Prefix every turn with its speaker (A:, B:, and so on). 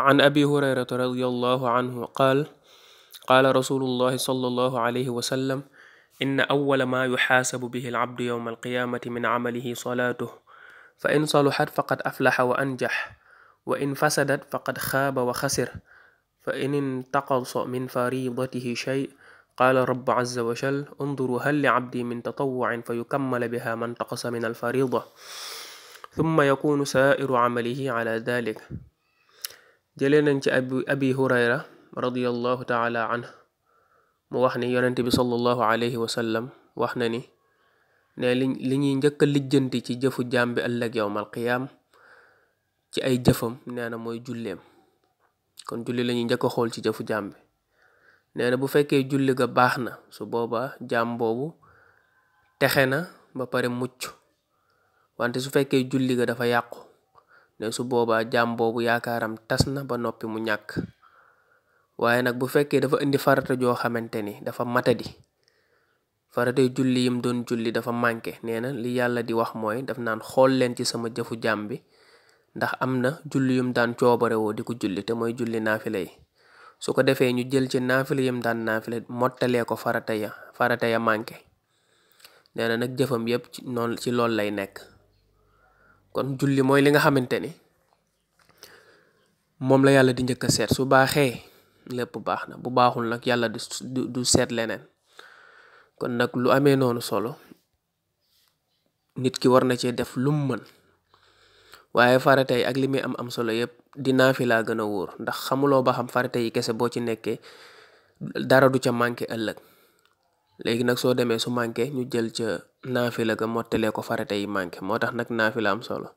A: an abi hurayrata radiallahu anhu qaal qaala rasulullahi sallallahu alayhi wa sallam inna awwala maa yuxaasabu bihi alabdu yowma alqiyaamati min camalihi salaatuh fa in saluxat faqad aflaxa wa anjax wa in fasadat faqad xaaba wa xasir fa in intaqasa min faridatihi shay qaala rabbu azza wa jal unduru hal li cabdi min tatawucin fa yukammala biha man taqasa min alfarida thumma yakunu saa'iru camalihi cala dalik jëlee nañ ci abi hurayra radiallahu taala an mu wax ni yonent bi sallallahu alayhi wa sallam wax na ni ne li li ñuy njëkk a lijjanti ci jëfu jaam bi ëllëg yowmal qiyaam ci ay jëfam nee na mooy julleem kon julli lañuy njëkk a xool ci jëfu jaam bi nee na bu fekkee julli ga baax na su booba jaam boobu texe na ba pare mucc wante su fekkee julli ga dafa yàqu léegi su boobaa jaam boobu yaakaaram tas na ba noppi mu ñàkk waaye nag bu fekkee dafa indi farata joo xamante ni dafa matadi faratay julli yim doon julli dafa manqué nee na li yàlla di wax mooy daf naan xool leen ci sama jëfu jaam bi ndax am na julli yum daan di ko julli te mooy julli naafile yi su ko defee ñu jël ci naafile yim daan naafile mottalee ko farata ya manqué nee nag jëfam yépp ci noonu ci loolu lay nekk kon julli mooy li nga xamante ni moom la yàlla di njëkk a seet su baaxee lépp baax na bu baaxul nag yàlla du du seet leneen kon nag lu amee noonu solo nit ki war na cee def lum mën waaye farate yi ak li muy am am solo yëpp dinaa fi laa gën a wóor ndax xamuloo ba xam farata yi kese boo ci nekkee dara du ca manqué ëllëg léegi nag soo demee su manqué ñu jël ca naafila ga mottalee ko farata yi manqué moo tax nag naafila am solo.